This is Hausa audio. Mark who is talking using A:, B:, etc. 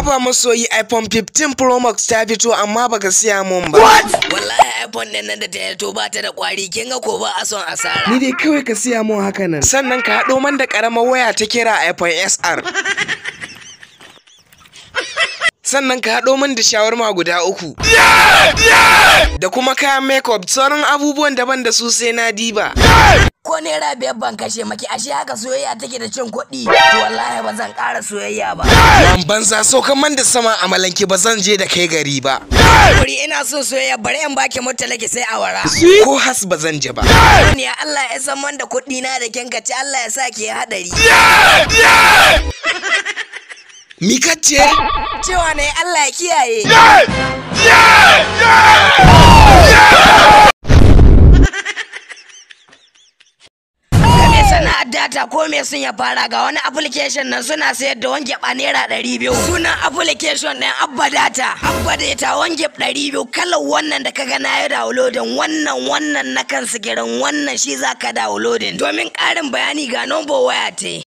A: Haba masoyi iPhone 15 Pro Max ta fito amma baka siya mun ba. What?
B: Wallahi iPhone din nan da ta fito ba ta da kwari kin ga ko ba a son asara.
A: Ni dai kawai ka siya mun haka nan. Sannan ka haɗo man da karamar waya ta kira iPhone SR. sannan ka haɗo man da shawarma guda uku. Da kuma kayan makeup sauran abubuwan daban da su sai na diba.
C: naira biyar ban kashe maki ashe haka soyayya take da cin kuɗi to wallahi ba zan ƙara soyayya ba
A: ban banza so man da sama a malanki ba zan je da kai gari ba
C: Kuri ina son
D: soyayya bari in baki mutalaki sai awara
A: ko has ba zan je ba
D: ni Allah ya san man da kuɗi na da kinka ci Allah ya sa ki hadari Mika ce? Cewa ne Allah ya kiyaye. Yeah! Yeah! Yeah!
E: sana'ar data ko me sun ya fara ga wani application nan suna sayar da wange ba naira ɗari biyu sunan application ɗin abba data abba data wange ɗari biyu kalar wannan da kaga na yi downloading wannan wannan na kan sigirin wannan shi za ka downloading domin ƙarin bayani ga number waya te